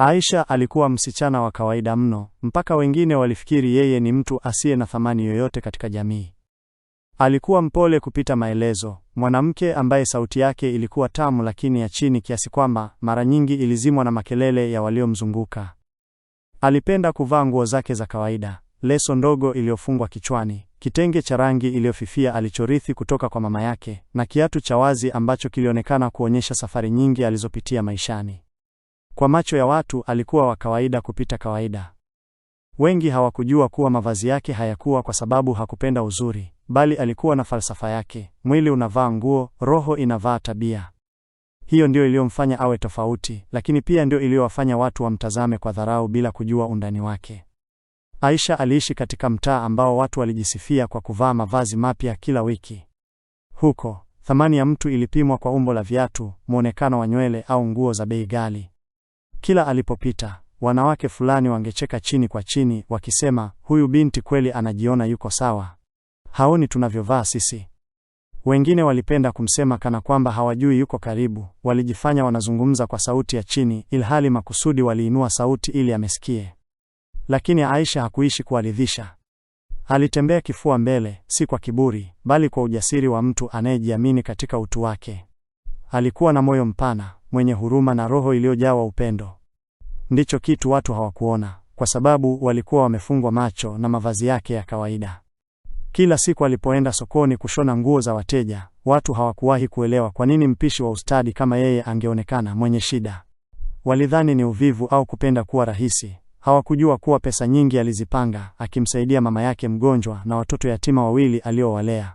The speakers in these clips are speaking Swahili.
Aisha alikuwa msichana wa kawaida mno, mpaka wengine walifikiri yeye ni mtu asiye na thamani yoyote katika jamii. Alikuwa mpole kupita maelezo, mwanamke ambaye sauti yake ilikuwa tamu lakini ya chini kiasi kwamba mara nyingi ilizimwa na makelele ya waliomzunguka. Alipenda kuvaa nguo zake za kawaida, leso ndogo iliyofungwa kichwani, kitenge cha rangi iliyofifia alichorithi kutoka kwa mama yake, na kiatu cha wazi ambacho kilionekana kuonyesha safari nyingi alizopitia maishani. Kwa macho ya watu alikuwa wa kawaida kupita kawaida. Wengi hawakujua kuwa mavazi yake hayakuwa kwa sababu hakupenda uzuri, bali alikuwa na falsafa yake: mwili unavaa nguo, roho inavaa tabia. Hiyo ndio iliyomfanya awe tofauti, lakini pia ndio iliyowafanya watu wamtazame kwa dharau bila kujua undani wake. Aisha aliishi katika mtaa ambao watu walijisifia kwa kuvaa mavazi mapya kila wiki. Huko, thamani ya mtu ilipimwa kwa umbo la viatu, mwonekano wa nywele au nguo za bei ghali. Kila alipopita wanawake fulani wangecheka chini kwa chini, wakisema huyu binti kweli anajiona yuko sawa, haoni tunavyovaa sisi. Wengine walipenda kumsema kana kwamba hawajui yuko karibu, walijifanya wanazungumza kwa sauti ya chini, ilhali makusudi waliinua sauti ili amesikie. Lakini Aisha hakuishi kuwaridhisha Alitembea kifua mbele, si kwa kiburi, bali kwa ujasiri wa mtu anayejiamini katika utu wake. Alikuwa na moyo mpana, mwenye huruma na roho iliyojawa upendo ndicho kitu watu hawakuona kwa sababu walikuwa wamefungwa macho na mavazi yake ya kawaida. Kila siku alipoenda sokoni kushona nguo za wateja, watu hawakuwahi kuelewa kwa nini mpishi wa ustadi kama yeye angeonekana mwenye shida. Walidhani ni uvivu au kupenda kuwa rahisi. Hawakujua kuwa pesa nyingi alizipanga akimsaidia mama yake mgonjwa na watoto yatima wawili aliowalea.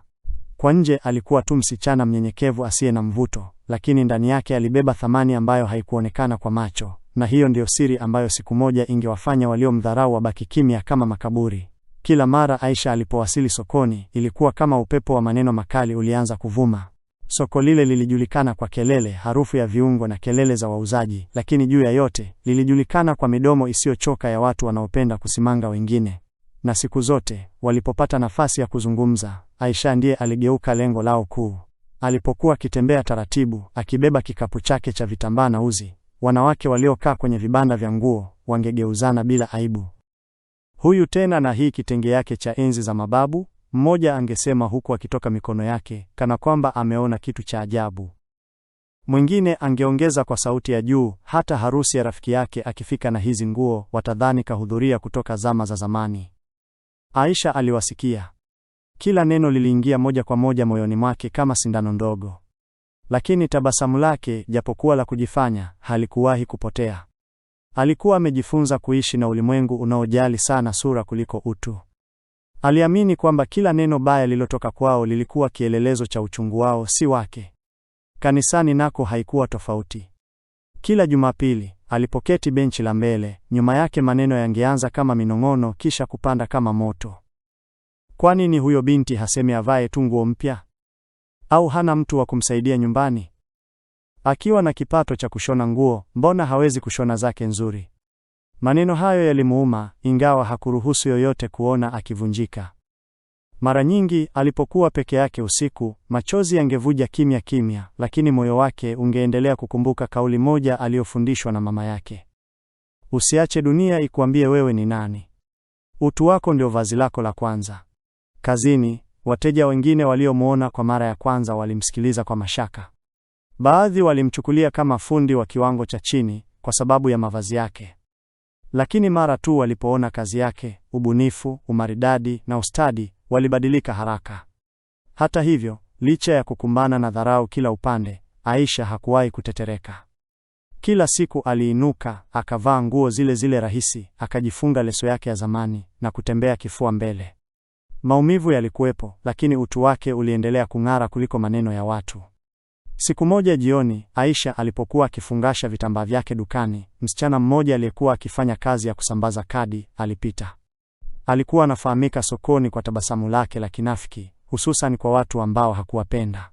Kwa nje alikuwa tu msichana mnyenyekevu asiye na mvuto, lakini ndani yake alibeba thamani ambayo haikuonekana kwa macho na hiyo ndiyo siri ambayo siku moja ingewafanya waliomdharau wabaki kimya kama makaburi. Kila mara Aisha alipowasili sokoni, ilikuwa kama upepo wa maneno makali ulianza kuvuma. Soko lile lilijulikana kwa kelele, harufu ya viungo na kelele za wauzaji, lakini juu ya yote lilijulikana kwa midomo isiyochoka ya watu wanaopenda kusimanga wengine. Na siku zote walipopata nafasi ya kuzungumza, Aisha ndiye aligeuka lengo lao kuu. Alipokuwa akitembea taratibu, akibeba kikapu chake cha vitambaa na uzi, wanawake waliokaa kwenye vibanda vya nguo wangegeuzana bila aibu. Huyu tena na hii kitenge yake cha enzi za mababu, mmoja angesema huku akitoka mikono yake kana kwamba ameona kitu cha ajabu. Mwingine angeongeza kwa sauti ya juu, hata harusi ya rafiki yake akifika na hizi nguo watadhani kahudhuria kutoka zama za zamani. Aisha aliwasikia. Kila neno liliingia moja kwa moja moyoni mwake kama sindano ndogo lakini tabasamu lake, japokuwa la kujifanya, halikuwahi kupotea. Alikuwa amejifunza kuishi na ulimwengu unaojali sana sura kuliko utu. Aliamini kwamba kila neno baya lilotoka kwao lilikuwa kielelezo cha uchungu wao, si wake. Kanisani nako haikuwa tofauti. Kila Jumapili alipoketi benchi la mbele, nyuma yake maneno yangeanza kama minong'ono, kisha kupanda kama moto. Kwa nini huyo binti hasemi avae tu nguo mpya? au hana mtu wa kumsaidia nyumbani? Akiwa na kipato cha kushona nguo, mbona hawezi kushona zake nzuri? Maneno hayo yalimuuma, ingawa hakuruhusu yoyote kuona akivunjika. Mara nyingi alipokuwa peke yake usiku, machozi yangevuja kimya kimya, lakini moyo wake ungeendelea kukumbuka kauli moja aliyofundishwa na mama yake: usiache dunia ikuambie wewe ni nani. Utu wako ndio vazi lako la kwanza. Kazini, Wateja wengine waliomwona kwa mara ya kwanza walimsikiliza kwa mashaka. Baadhi walimchukulia kama fundi wa kiwango cha chini kwa sababu ya mavazi yake, lakini mara tu walipoona kazi yake, ubunifu, umaridadi na ustadi, walibadilika haraka. Hata hivyo, licha ya kukumbana na dharau kila upande, Aisha hakuwahi kutetereka. Kila siku aliinuka, akavaa nguo zile zile rahisi, akajifunga leso yake ya zamani na kutembea kifua mbele. Maumivu yalikuwepo, lakini utu wake uliendelea kung'ara kuliko maneno ya watu. Siku moja jioni, Aisha alipokuwa akifungasha vitambaa vyake dukani, msichana mmoja aliyekuwa akifanya kazi ya kusambaza kadi alipita. Alikuwa anafahamika sokoni kwa tabasamu lake la kinafiki, hususan kwa watu ambao hakuwapenda.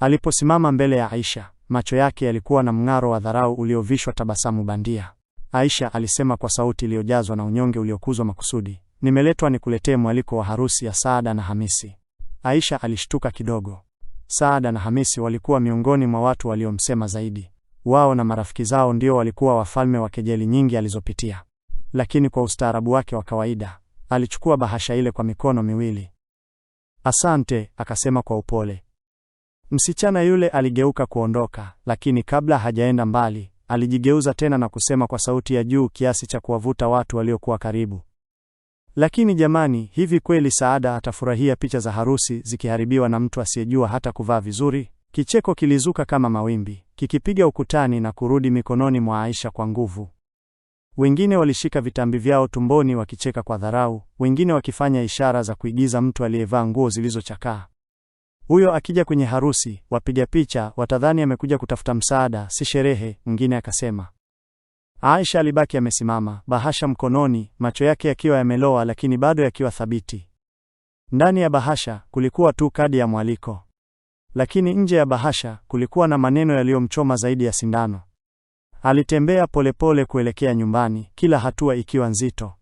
Aliposimama mbele ya Aisha, macho yake yalikuwa na mng'aro wa dharau uliovishwa tabasamu bandia. Aisha alisema kwa sauti iliyojazwa na unyonge uliokuzwa makusudi, Nimeletwa nikuletee mwaliko wa harusi ya Saada na Hamisi. Aisha alishtuka kidogo. Saada na Hamisi walikuwa miongoni mwa watu waliomsema zaidi. Wao na marafiki zao ndio walikuwa wafalme wa kejeli nyingi alizopitia. Lakini kwa ustaarabu wake wa kawaida, alichukua bahasha ile kwa mikono miwili. Asante, akasema kwa upole. Msichana yule aligeuka kuondoka, lakini kabla hajaenda mbali, alijigeuza tena na kusema kwa sauti ya juu kiasi cha kuwavuta watu waliokuwa karibu. Lakini jamani, hivi kweli Saada atafurahia picha za harusi zikiharibiwa na mtu asiyejua hata kuvaa vizuri? Kicheko kilizuka kama mawimbi, kikipiga ukutani na kurudi mikononi mwa Aisha kwa nguvu. Wengine walishika vitambi vyao tumboni wakicheka kwa dharau, wengine wakifanya ishara za kuigiza mtu aliyevaa nguo zilizochakaa. Huyo akija kwenye harusi, wapiga picha watadhani amekuja kutafuta msaada, si sherehe, mwingine akasema. Aisha alibaki amesimama, bahasha mkononi, macho yake yakiwa yameloa lakini bado yakiwa thabiti. Ndani ya bahasha kulikuwa tu kadi ya mwaliko, lakini nje ya bahasha kulikuwa na maneno yaliyomchoma zaidi ya sindano. Alitembea polepole kuelekea nyumbani, kila hatua ikiwa nzito.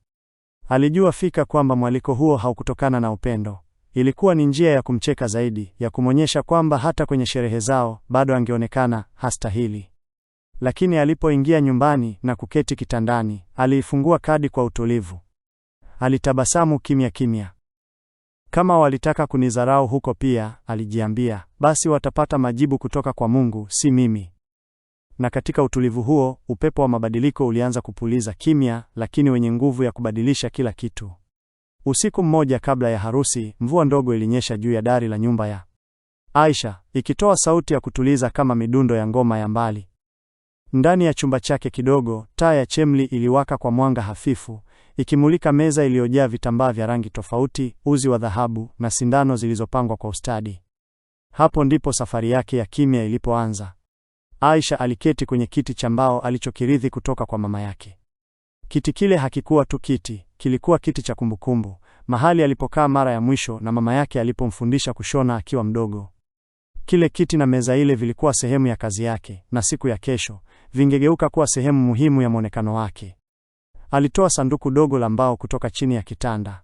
Alijua fika kwamba mwaliko huo haukutokana na upendo. Ilikuwa ni njia ya kumcheka zaidi, ya kumwonyesha kwamba hata kwenye sherehe zao bado angeonekana hastahili. Lakini alipoingia nyumbani na kuketi kitandani, aliifungua kadi kwa utulivu. Alitabasamu kimya kimya. Kama walitaka kunidharau huko pia, alijiambia, basi watapata majibu kutoka kwa Mungu, si mimi. Na katika utulivu huo, upepo wa mabadiliko ulianza kupuliza, kimya lakini wenye nguvu ya kubadilisha kila kitu. Usiku mmoja kabla ya harusi, mvua ndogo ilinyesha juu ya dari la nyumba ya Aisha, ikitoa sauti ya kutuliza kama midundo ya ngoma ya mbali. Ndani ya chumba chake kidogo, taa ya chemli iliwaka kwa mwanga hafifu, ikimulika meza iliyojaa vitambaa vya rangi tofauti, uzi wa dhahabu na sindano zilizopangwa kwa ustadi. Hapo ndipo safari yake ya kimya ilipoanza. Aisha aliketi kwenye kiti cha mbao alichokirithi kutoka kwa mama yake. Kiti kile hakikuwa tu kiti, kilikuwa kiti cha kumbukumbu, mahali alipokaa mara ya mwisho na mama yake alipomfundisha kushona akiwa mdogo. Kile kiti na meza ile vilikuwa sehemu ya kazi yake, na siku ya kesho vingegeuka kuwa sehemu muhimu ya mwonekano wake. Alitoa sanduku dogo la mbao kutoka chini ya kitanda.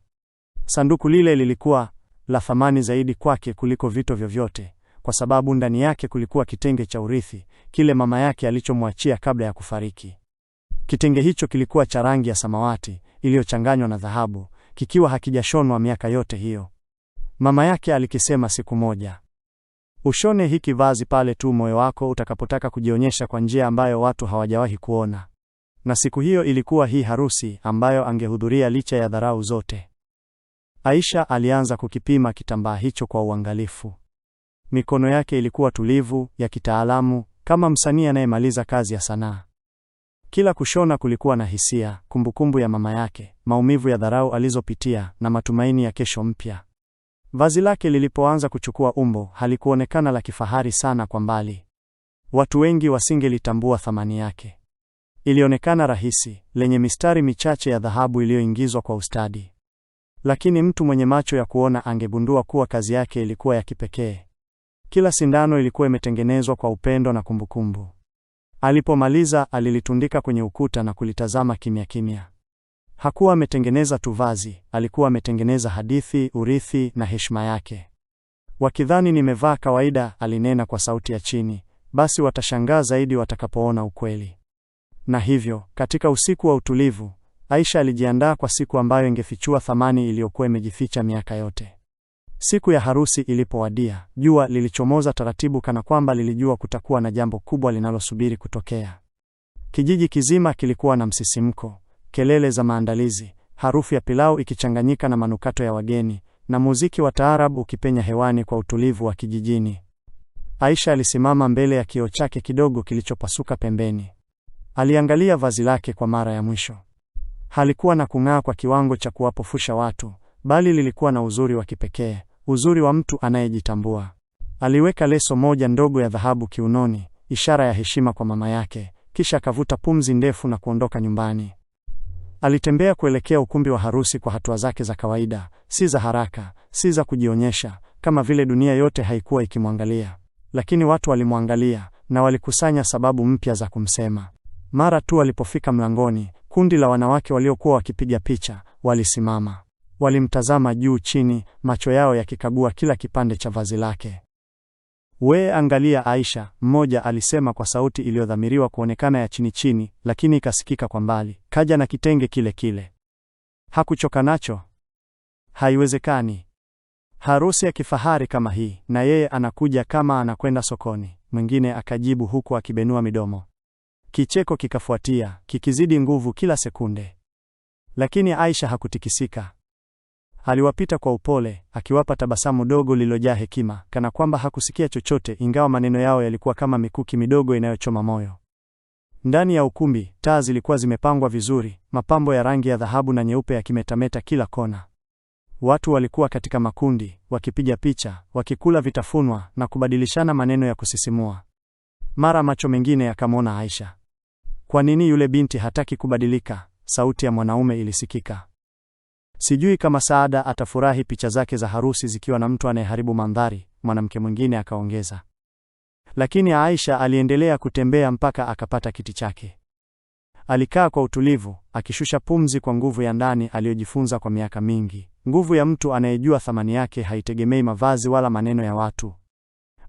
Sanduku lile lilikuwa la thamani zaidi kwake kuliko vito vyovyote, kwa sababu ndani yake kulikuwa kitenge cha urithi, kile mama yake alichomwachia kabla ya kufariki. Kitenge hicho kilikuwa cha rangi ya samawati iliyochanganywa na dhahabu, kikiwa hakijashonwa miaka yote hiyo. Mama yake alikisema siku moja, Ushone hiki vazi pale tu moyo wako utakapotaka kujionyesha kwa njia ambayo watu hawajawahi kuona. Na siku hiyo ilikuwa hii harusi ambayo angehudhuria licha ya dharau zote. Aisha alianza kukipima kitambaa hicho kwa uangalifu. Mikono yake ilikuwa tulivu, ya kitaalamu, kama msanii anayemaliza kazi ya sanaa. Kila kushona kulikuwa na hisia, kumbukumbu ya mama yake, maumivu ya dharau alizopitia na matumaini ya kesho mpya. Vazi lake lilipoanza kuchukua umbo, halikuonekana la kifahari sana kwa mbali. Watu wengi wasingelitambua thamani yake. Ilionekana rahisi, lenye mistari michache ya dhahabu iliyoingizwa kwa ustadi. Lakini mtu mwenye macho ya kuona angegundua kuwa kazi yake ilikuwa ya kipekee. Kila sindano ilikuwa imetengenezwa kwa upendo na kumbukumbu. Alipomaliza, alilitundika kwenye ukuta na kulitazama kimya kimya. Hakuwa ametengeneza tu vazi, alikuwa ametengeneza hadithi, urithi na heshima yake. Wakidhani nimevaa kawaida, alinena kwa sauti ya chini, basi watashangaa zaidi watakapoona ukweli. Na hivyo, katika usiku wa utulivu, Aisha alijiandaa kwa siku ambayo ingefichua thamani iliyokuwa imejificha miaka yote. Siku ya harusi ilipowadia, jua lilichomoza taratibu kana kwamba lilijua kutakuwa na jambo kubwa linalosubiri kutokea. Kijiji kizima kilikuwa na msisimko kelele za maandalizi, harufu ya pilau ikichanganyika na manukato ya wageni, na muziki wa taarabu ukipenya hewani kwa utulivu wa kijijini. Aisha alisimama mbele ya kioo chake kidogo kilichopasuka pembeni. Aliangalia vazi lake kwa mara ya mwisho. Halikuwa na kung'aa kwa kiwango cha kuwapofusha watu, bali lilikuwa na uzuri wa kipekee, uzuri wa mtu anayejitambua. Aliweka leso moja ndogo ya dhahabu kiunoni, ishara ya heshima kwa mama yake, kisha akavuta pumzi ndefu na kuondoka nyumbani. Alitembea kuelekea ukumbi wa harusi kwa hatua zake za kawaida, si za haraka, si za kujionyesha, kama vile dunia yote haikuwa ikimwangalia. Lakini watu walimwangalia na walikusanya sababu mpya za kumsema. Mara tu alipofika mlangoni, kundi la wanawake waliokuwa wakipiga picha walisimama. Walimtazama juu chini, macho yao yakikagua kila kipande cha vazi lake. We angalia Aisha, mmoja alisema kwa sauti iliyodhamiriwa kuonekana ya chini chini, lakini ikasikika kwa mbali. Kaja na kitenge kile kile. Hakuchoka nacho. Haiwezekani. Harusi ya kifahari kama hii na yeye anakuja kama anakwenda sokoni. Mwingine akajibu huku akibenua midomo. Kicheko kikafuatia, kikizidi nguvu kila sekunde. Lakini Aisha hakutikisika. Aliwapita kwa upole, akiwapa tabasamu dogo lililojaa hekima, kana kwamba hakusikia chochote, ingawa maneno yao yalikuwa kama mikuki midogo inayochoma moyo. Ndani ya ukumbi, taa zilikuwa zimepangwa vizuri, mapambo ya rangi ya dhahabu na nyeupe yakimetameta kila kona. Watu walikuwa katika makundi, wakipiga picha, wakikula vitafunwa na kubadilishana maneno ya kusisimua. Mara macho mengine yakamwona Aisha. Kwa nini yule binti hataki kubadilika? Sauti ya mwanaume ilisikika. Sijui kama Saada atafurahi picha zake za harusi zikiwa na mtu anayeharibu mandhari, mwanamke mwingine akaongeza. Lakini Aisha aliendelea kutembea mpaka akapata kiti chake. Alikaa kwa utulivu, akishusha pumzi kwa nguvu ya ndani aliyojifunza kwa miaka mingi. Nguvu ya mtu anayejua thamani yake haitegemei mavazi wala maneno ya watu.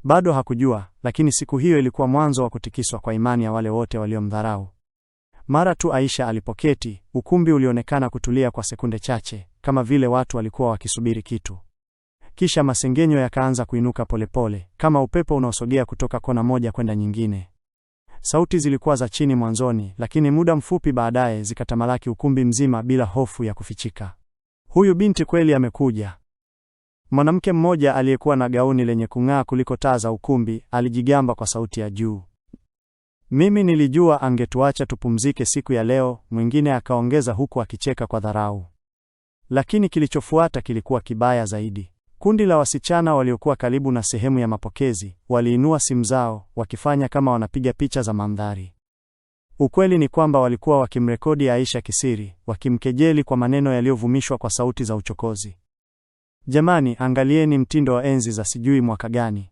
Bado hakujua, lakini siku hiyo ilikuwa mwanzo wa kutikiswa kwa imani ya wale wote waliomdharau. Mara tu Aisha alipoketi, ukumbi ulionekana kutulia kwa sekunde chache, kama vile watu walikuwa wakisubiri kitu. Kisha masengenyo yakaanza kuinuka polepole, kama upepo unaosogea kutoka kona moja kwenda nyingine. Sauti zilikuwa za chini mwanzoni, lakini muda mfupi baadaye zikatamalaki ukumbi mzima bila hofu ya kufichika. Huyu binti kweli amekuja. Mwanamke mmoja aliyekuwa na gauni lenye kung'aa kuliko taa za ukumbi alijigamba kwa sauti ya juu. Mimi nilijua angetuacha tupumzike siku ya leo, mwingine akaongeza huku akicheka kwa dharau. Lakini kilichofuata kilikuwa kibaya zaidi. Kundi la wasichana waliokuwa karibu na sehemu ya mapokezi waliinua simu zao wakifanya kama wanapiga picha za mandhari. Ukweli ni kwamba walikuwa wakimrekodi Aisha kisiri, wakimkejeli kwa maneno yaliyovumishwa kwa sauti za uchokozi. Jamani, angalieni mtindo wa enzi za sijui mwaka gani.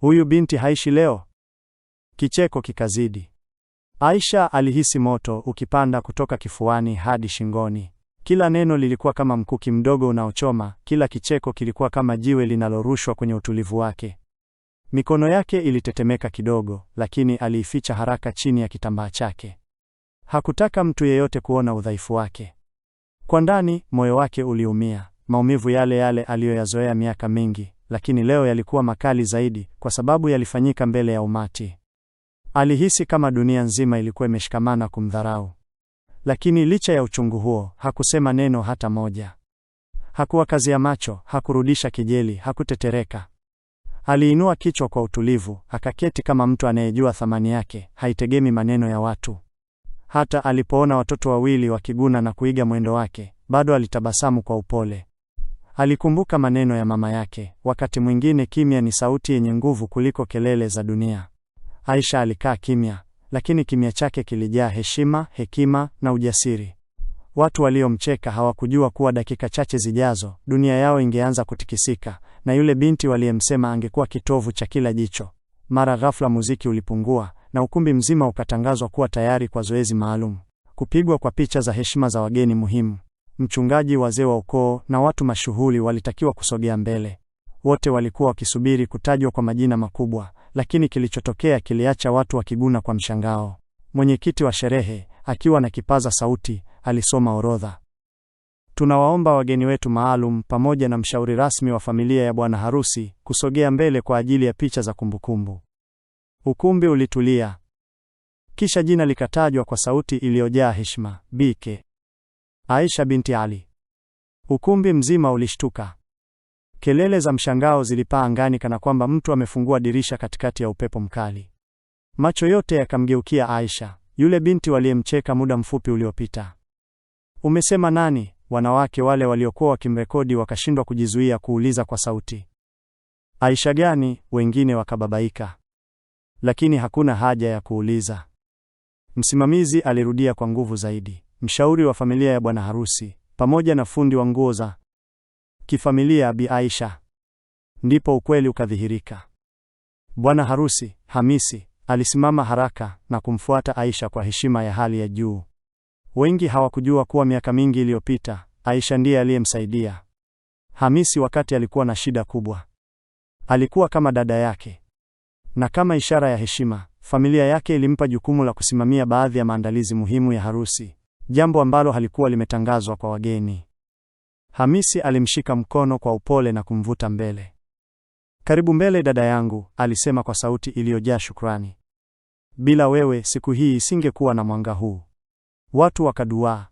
Huyu binti haishi leo. Kicheko kikazidi. Aisha alihisi moto ukipanda kutoka kifuani hadi shingoni. Kila neno lilikuwa kama mkuki mdogo unaochoma, kila kicheko kilikuwa kama jiwe linalorushwa kwenye utulivu wake. Mikono yake ilitetemeka kidogo, lakini aliificha haraka chini ya kitambaa chake. Hakutaka mtu yeyote kuona udhaifu wake. Kwa ndani, moyo wake uliumia, maumivu yale yale aliyoyazoea miaka mingi, lakini leo yalikuwa makali zaidi kwa sababu yalifanyika mbele ya umati. Alihisi kama dunia nzima ilikuwa imeshikamana kumdharau. Lakini licha ya uchungu huo, hakusema neno hata moja. hakuwa kazi ya macho, hakurudisha kijeli, hakutetereka. Aliinua kichwa kwa utulivu, akaketi kama mtu anayejua thamani yake, haitegemi maneno ya watu. Hata alipoona watoto wawili wakiguna na kuiga mwendo wake, bado alitabasamu kwa upole. Alikumbuka maneno ya mama yake, wakati mwingine kimya ni sauti yenye nguvu kuliko kelele za dunia. Aisha alikaa kimya, lakini kimya chake kilijaa heshima, hekima na ujasiri. Watu waliomcheka hawakujua kuwa dakika chache zijazo dunia yao ingeanza kutikisika, na yule binti waliyemsema angekuwa kitovu cha kila jicho. Mara ghafla muziki ulipungua na ukumbi mzima ukatangazwa kuwa tayari kwa zoezi maalum: kupigwa kwa picha za heshima za wageni muhimu. Mchungaji, wazee wa ukoo na watu mashuhuri walitakiwa kusogea mbele. Wote walikuwa wakisubiri kutajwa kwa majina makubwa, lakini kilichotokea kiliacha watu wakiguna kwa mshangao. Mwenyekiti wa sherehe akiwa na kipaza sauti alisoma orodha. Tunawaomba wageni wetu maalum pamoja na mshauri rasmi wa familia ya bwana harusi kusogea mbele kwa ajili ya picha za kumbukumbu. Ukumbi ulitulia. Kisha jina likatajwa kwa sauti iliyojaa heshima, Bike Aisha binti Ali. Ukumbi mzima ulishtuka. Kelele za mshangao zilipaa angani kana kwamba mtu amefungua dirisha katikati ya upepo mkali. Macho yote yakamgeukia Aisha, yule binti waliyemcheka muda mfupi uliopita. Umesema nani? Wanawake wale waliokuwa wakimrekodi wakashindwa kujizuia kuuliza kwa sauti. Aisha gani? Wengine wakababaika, lakini hakuna haja ya kuuliza. Msimamizi alirudia kwa nguvu zaidi, mshauri wa familia ya bwana harusi, pamoja na fundi wa nguo za kifamilia Bi Aisha. Ndipo ukweli ukadhihirika. Bwana harusi Hamisi alisimama haraka na kumfuata Aisha kwa heshima ya hali ya juu. Wengi hawakujua kuwa miaka mingi iliyopita Aisha ndiye aliyemsaidia Hamisi wakati alikuwa na shida kubwa. Alikuwa kama dada yake, na kama ishara ya heshima, familia yake ilimpa jukumu la kusimamia baadhi ya maandalizi muhimu ya harusi, jambo ambalo halikuwa limetangazwa kwa wageni. Hamisi alimshika mkono kwa upole na kumvuta mbele. Karibu mbele dada yangu, alisema kwa sauti iliyojaa shukrani. Bila wewe siku hii isingekuwa na mwanga huu. Watu wakaduaa.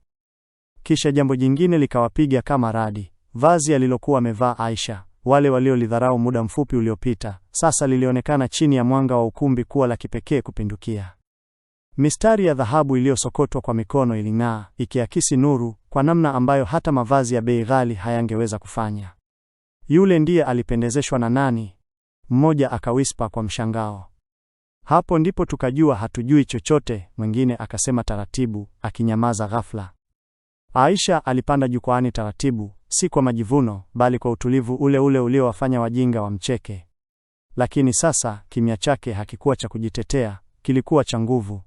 Kisha jambo jingine likawapiga kama radi. Vazi alilokuwa amevaa Aisha, wale waliolidharau muda mfupi uliopita, sasa lilionekana chini ya mwanga wa ukumbi kuwa la kipekee kupindukia. Mistari ya dhahabu iliyosokotwa kwa mikono iling'aa, ikiakisi nuru kwa namna ambayo hata mavazi ya bei ghali hayangeweza kufanya. Yule ndiye alipendezeshwa na nani? Mmoja akawispa kwa mshangao. Hapo ndipo tukajua hatujui chochote, mwingine akasema taratibu, akinyamaza ghafla. Aisha alipanda jukwaani taratibu, si kwa majivuno, bali kwa utulivu ule ule uliowafanya wajinga wamcheke. Lakini sasa kimya chake hakikuwa cha kujitetea, kilikuwa cha nguvu.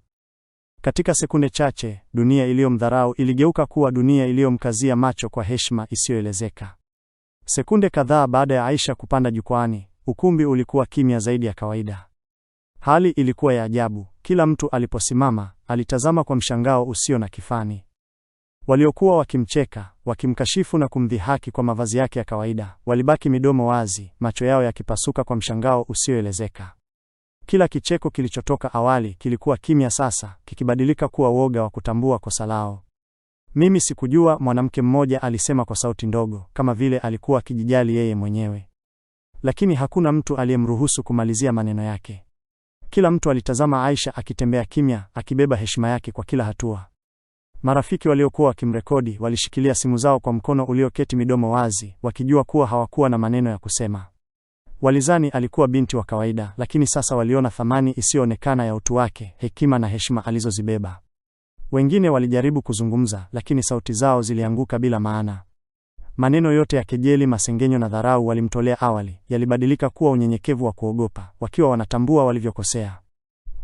Katika sekunde chache, dunia iliyomdharau iligeuka kuwa dunia iliyomkazia macho kwa heshima isiyoelezeka. Sekunde kadhaa baada ya Aisha kupanda jukwani, ukumbi ulikuwa kimya zaidi ya kawaida. Hali ilikuwa ya ajabu. Kila mtu aliposimama, alitazama kwa mshangao usio na kifani. Waliokuwa wakimcheka, wakimkashifu na kumdhihaki kwa mavazi yake ya kawaida, walibaki midomo wazi, macho yao yakipasuka kwa mshangao usioelezeka. Kila kicheko kilichotoka awali kilikuwa kimya sasa, kikibadilika kuwa woga wa kutambua kosa lao. Mimi sikujua, mwanamke mmoja alisema kwa sauti ndogo, kama vile alikuwa akijijali yeye mwenyewe. Lakini hakuna mtu aliyemruhusu kumalizia maneno yake. Kila mtu alitazama Aisha akitembea kimya, akibeba heshima yake kwa kila hatua. Marafiki waliokuwa wakimrekodi walishikilia simu zao kwa mkono ulioketi midomo wazi, wakijua kuwa hawakuwa na maneno ya kusema. Walizani alikuwa binti wa kawaida, lakini sasa waliona thamani isiyoonekana ya utu wake, hekima na heshima alizozibeba. Wengine walijaribu kuzungumza, lakini sauti zao zilianguka bila maana. Maneno yote ya kejeli, masengenyo na dharau walimtolea awali yalibadilika kuwa unyenyekevu wa kuogopa, wakiwa wanatambua walivyokosea.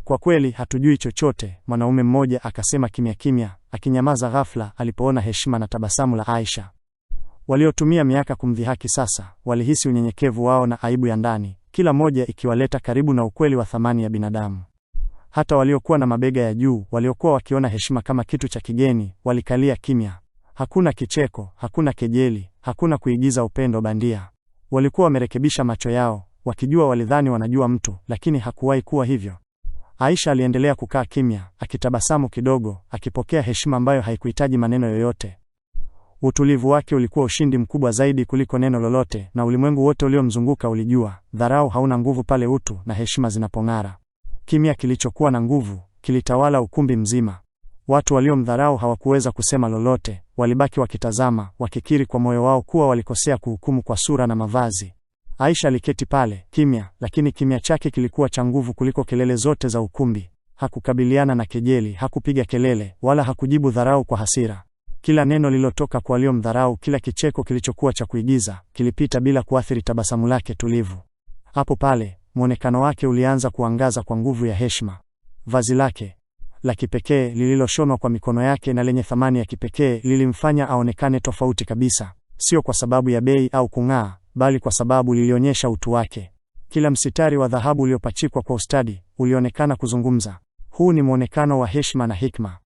Kwa kweli hatujui chochote, mwanaume mmoja akasema kimya kimya, akinyamaza ghafla alipoona heshima na tabasamu la Aisha. Waliotumia miaka kumdhihaki sasa walihisi unyenyekevu wao na aibu ya ndani, kila moja ikiwaleta karibu na ukweli wa thamani ya binadamu. Hata waliokuwa na mabega ya juu, waliokuwa wakiona heshima kama kitu cha kigeni, walikalia kimya. Hakuna kicheko, hakuna kejeli, hakuna kuigiza upendo bandia. Walikuwa wamerekebisha macho yao, wakijua walidhani wanajua mtu, lakini hakuwahi kuwa hivyo. Aisha aliendelea kukaa kimya, akitabasamu kidogo, akipokea heshima ambayo haikuhitaji maneno yoyote. Utulivu wake ulikuwa ushindi mkubwa zaidi kuliko neno lolote, na ulimwengu wote uliomzunguka ulijua dharau hauna nguvu pale utu na heshima zinapong'ara. Kimya kilichokuwa na nguvu kilitawala ukumbi mzima. Watu waliomdharau hawakuweza kusema lolote, walibaki wakitazama, wakikiri kwa moyo wao kuwa walikosea kuhukumu kwa sura na mavazi. Aisha aliketi pale kimya, lakini kimya chake kilikuwa cha nguvu kuliko kelele zote za ukumbi. Hakukabiliana na kejeli, hakupiga kelele, wala hakujibu dharau kwa hasira. Kila neno lililotoka kwa aliyomdharau, kila kicheko kilichokuwa cha kuigiza, kilipita bila kuathiri tabasamu lake tulivu. Hapo pale, mwonekano wake ulianza kuangaza kwa nguvu ya heshima. Vazi lake la kipekee lililoshonwa kwa mikono yake na lenye thamani ya kipekee lilimfanya aonekane tofauti kabisa, sio kwa sababu ya bei au kung'aa, bali kwa sababu lilionyesha utu wake. Kila msitari wa dhahabu uliopachikwa kwa ustadi ulionekana kuzungumza, huu ni mwonekano wa heshima na hikma.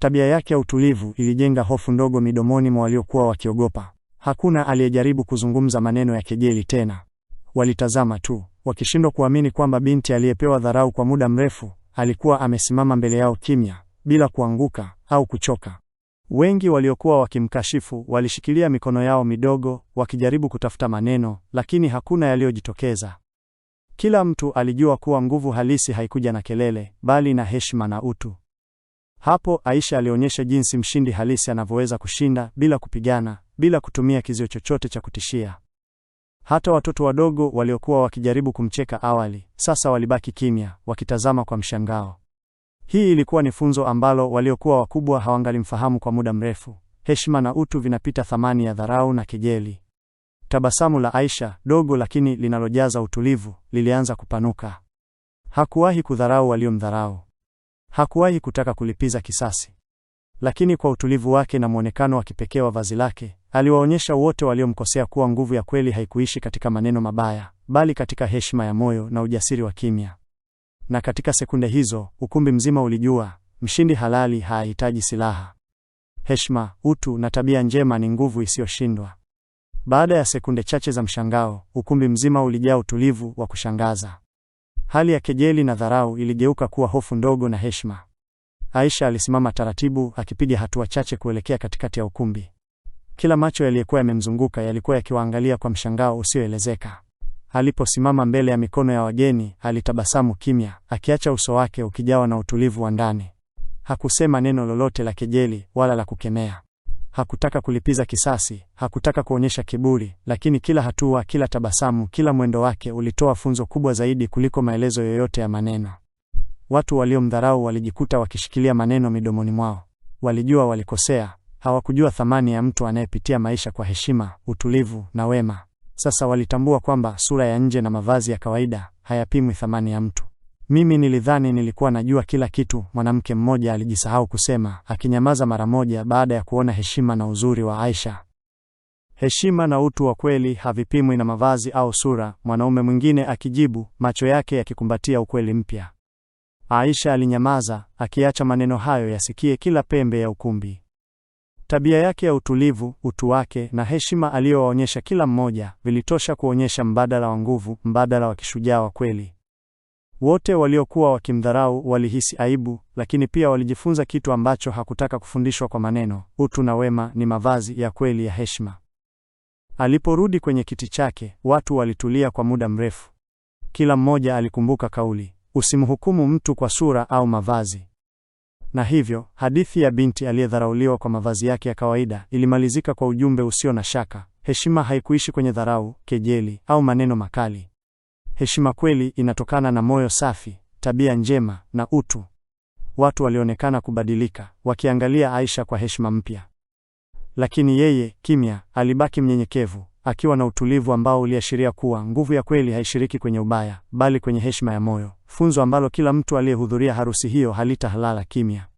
Tabia yake ya utulivu ilijenga hofu ndogo midomoni mwa waliokuwa wakiogopa. Hakuna aliyejaribu kuzungumza maneno ya kejeli tena. Walitazama tu, wakishindwa kuamini kwamba binti aliyepewa dharau kwa muda mrefu alikuwa amesimama mbele yao kimya, bila kuanguka au kuchoka. Wengi waliokuwa wakimkashifu walishikilia mikono yao midogo, wakijaribu kutafuta maneno, lakini hakuna yaliyojitokeza. Kila mtu alijua kuwa nguvu halisi haikuja na kelele, bali na heshima na utu. Hapo Aisha alionyesha jinsi mshindi halisi anavyoweza kushinda bila kupigana, bila kutumia kizio chochote cha kutishia. Hata watoto wadogo waliokuwa wakijaribu kumcheka awali, sasa walibaki kimya, wakitazama kwa mshangao. Hii ilikuwa ni funzo ambalo waliokuwa wakubwa hawangalimfahamu kwa muda mrefu. Heshima na utu vinapita thamani ya dharau na kejeli. Tabasamu la Aisha, dogo lakini linalojaza utulivu, lilianza kupanuka. Hakuwahi kudharau waliomdharau. Hakuwahi kutaka kulipiza kisasi, lakini kwa utulivu wake na mwonekano wa kipekee wa vazi lake aliwaonyesha wote waliomkosea kuwa nguvu ya kweli haikuishi katika maneno mabaya, bali katika heshima ya moyo na ujasiri wa kimya. Na katika sekunde hizo ukumbi mzima ulijua mshindi halali hahitaji silaha. Heshima, utu na tabia njema ni nguvu isiyoshindwa. Baada ya sekunde chache za mshangao, ukumbi mzima ulijaa utulivu wa kushangaza. Hali ya kejeli na dharau iligeuka kuwa hofu ndogo na heshima. Aisha alisimama taratibu, akipiga hatua chache kuelekea katikati ya ukumbi. Kila macho yaliyokuwa yamemzunguka yalikuwa yakiwaangalia kwa mshangao usioelezeka. Aliposimama mbele ya mikono ya wageni, alitabasamu kimya, akiacha uso wake ukijawa na utulivu wa ndani. Hakusema neno lolote la kejeli wala la kukemea. Hakutaka kulipiza kisasi, hakutaka kuonyesha kiburi, lakini kila hatua, kila tabasamu, kila mwendo wake ulitoa funzo kubwa zaidi kuliko maelezo yoyote ya maneno. Watu waliomdharau walijikuta wakishikilia maneno midomoni mwao. Walijua walikosea, hawakujua thamani ya mtu anayepitia maisha kwa heshima, utulivu na wema. Sasa walitambua kwamba sura ya nje na mavazi ya kawaida hayapimwi thamani ya mtu. Mimi nilidhani nilikuwa najua kila kitu, mwanamke mmoja alijisahau kusema, akinyamaza mara moja baada ya kuona heshima na uzuri wa Aisha. Heshima na utu wa kweli havipimwi na mavazi au sura, mwanaume mwingine akijibu, macho yake yakikumbatia ukweli mpya. Aisha alinyamaza, akiacha maneno hayo yasikie kila pembe ya ukumbi. Tabia yake ya utulivu, utu wake na heshima aliyowaonyesha kila mmoja vilitosha kuonyesha mbadala wa nguvu, mbadala wa kishujaa wa kweli. Wote waliokuwa wakimdharau walihisi aibu, lakini pia walijifunza kitu ambacho hakutaka kufundishwa kwa maneno: utu na wema ni mavazi ya kweli ya heshima. Aliporudi kwenye kiti chake, watu walitulia kwa muda mrefu. Kila mmoja alikumbuka kauli, usimhukumu mtu kwa sura au mavazi. Na hivyo hadithi ya binti aliyedharauliwa kwa mavazi yake ya kawaida ilimalizika kwa ujumbe usio na shaka: heshima haikuishi kwenye dharau, kejeli au maneno makali. Heshima kweli inatokana na moyo safi, tabia njema na utu. Watu walionekana kubadilika, wakiangalia Aisha kwa heshima mpya. Lakini yeye kimya, alibaki mnyenyekevu, akiwa na utulivu ambao uliashiria kuwa nguvu ya kweli haishiriki kwenye ubaya, bali kwenye heshima ya moyo, funzo ambalo kila mtu aliyehudhuria harusi hiyo halitahalala kimya.